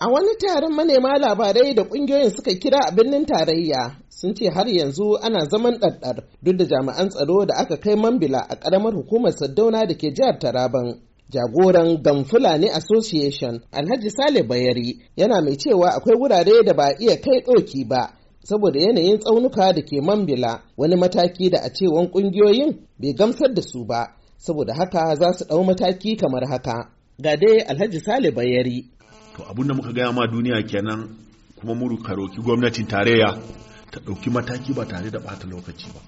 A wani taron manema labarai da kungiyoyin suka kira a birnin tarayya sun ce har yanzu ana zaman ɗarɗar duk da jami'an tsaro da aka kai mambila a ƙaramar hukumar Saddauna da ke jihar Taraban. Jagoran Gamfulani Association Alhaji Sale Bayari yana mai cewa akwai wurare da ba iya kai ɗoki ba saboda yanayin tsaunuka da ke mambila wani mataki da a cewan kungiyoyin bai gamsar da su ba saboda haka za su ɗau mataki kamar haka. Ga dai Alhaji Sale Bayari to da muka gaya ma duniya kenan kuma muru karoki gwamnatin tarayya ta ɗauki mataki ba tare da ɓata lokaci ba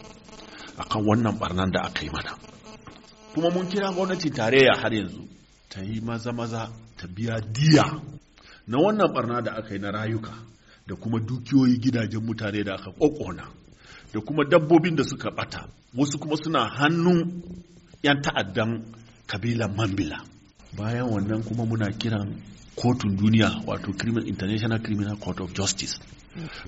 akan wannan barnan da aka yi mana kuma mun kira gwamnatin tarayya har yanzu ta yi maza-maza ta biya diya na wannan barna da aka yi na rayuka da kuma dukiyoyi gidajen mutane da aka kokona da kuma dabbobin da suka ɓata, wasu kuma suna hannun 'yan ta'addan kabilan mambila bayan wannan kuma muna kiran kotun duniya wato criminal international criminal court of justice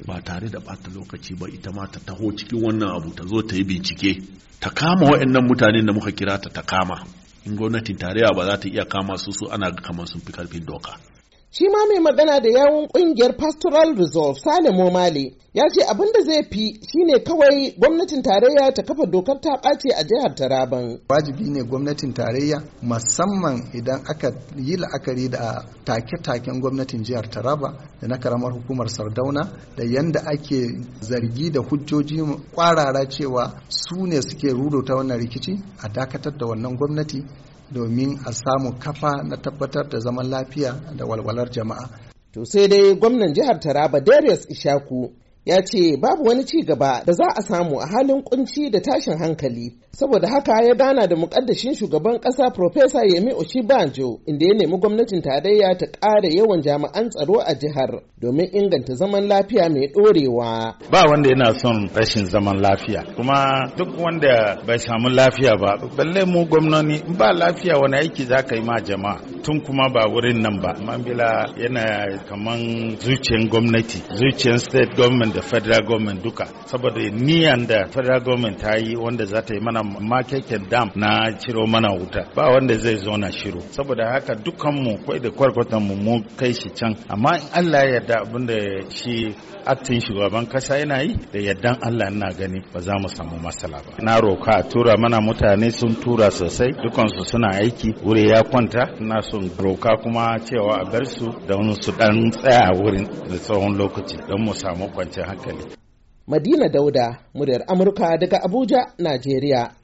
ba tare da bata lokaci ba ita ma ta taho cikin wannan abu ta zo ta yi bincike ta kama waɗannan mutanen da muka kira ta ta kama in gwamnatin tarayya ba za ta iya kama su su ana kamar sun fi karfin doka Shi ma mai magana da yawun kungiyar Pastoral Resolve Salim Omale ya ce abin da zai fi shine kawai gwamnatin tarayya ta kafa dokar ta ɓace a jihar Taraban. Wajibi ne gwamnatin tarayya musamman idan aka yi la'akari da take-taken gwamnatin jihar Taraba da na karamar hukumar Sardauna da yanda ake zargi da hujjoji kwarara cewa su ne suke rudo wannan rikici a dakatar da wannan gwamnati domin a samu kafa na tabbatar da zaman lafiya da walwalar jama'a. To sai dai gwamnan jihar Taraba Darius Ishaku ya ce babu wani ci gaba da za a samu a halin kunci da tashin hankali saboda haka ya gana da mukaddashin shugaban kasa profesa yemi oshibanjo inda ya nemi gwamnatin tarayya ta ƙara yawan jami'an tsaro a jihar domin inganta zaman lafiya mai ɗorewa ba wanda yana son rashin zaman lafiya kuma duk wanda bai samu lafiya ba balle mu gwamnoni ba lafiya wani aiki za ka yi ma jama'a tun kuma ba wurin nan ba mambila yana kaman zuciyar gwamnati zuciyar state government da federal government duka saboda niyan da federal government ta yi wanda za ta yi mana makeken dam na ciro mana wuta ba wanda zai zo na shiru saboda haka dukanmu kwai da kwarkwatan mu mu kai shi can amma in Allah ya yarda abin da shi aktin shugaban kasa yana yi da yardan Allah ina gani ba za mu samu matsala ba na roka tura mana mutane sun tura sosai dukansu suna aiki wuri ya kwanta na son roka kuma cewa a bar su da wani su dan tsaya wurin da tsawon lokaci don mu samu kwanciyar tashin hankali. Madina Dauda, muryar Amurka daga Abuja, Najeriya.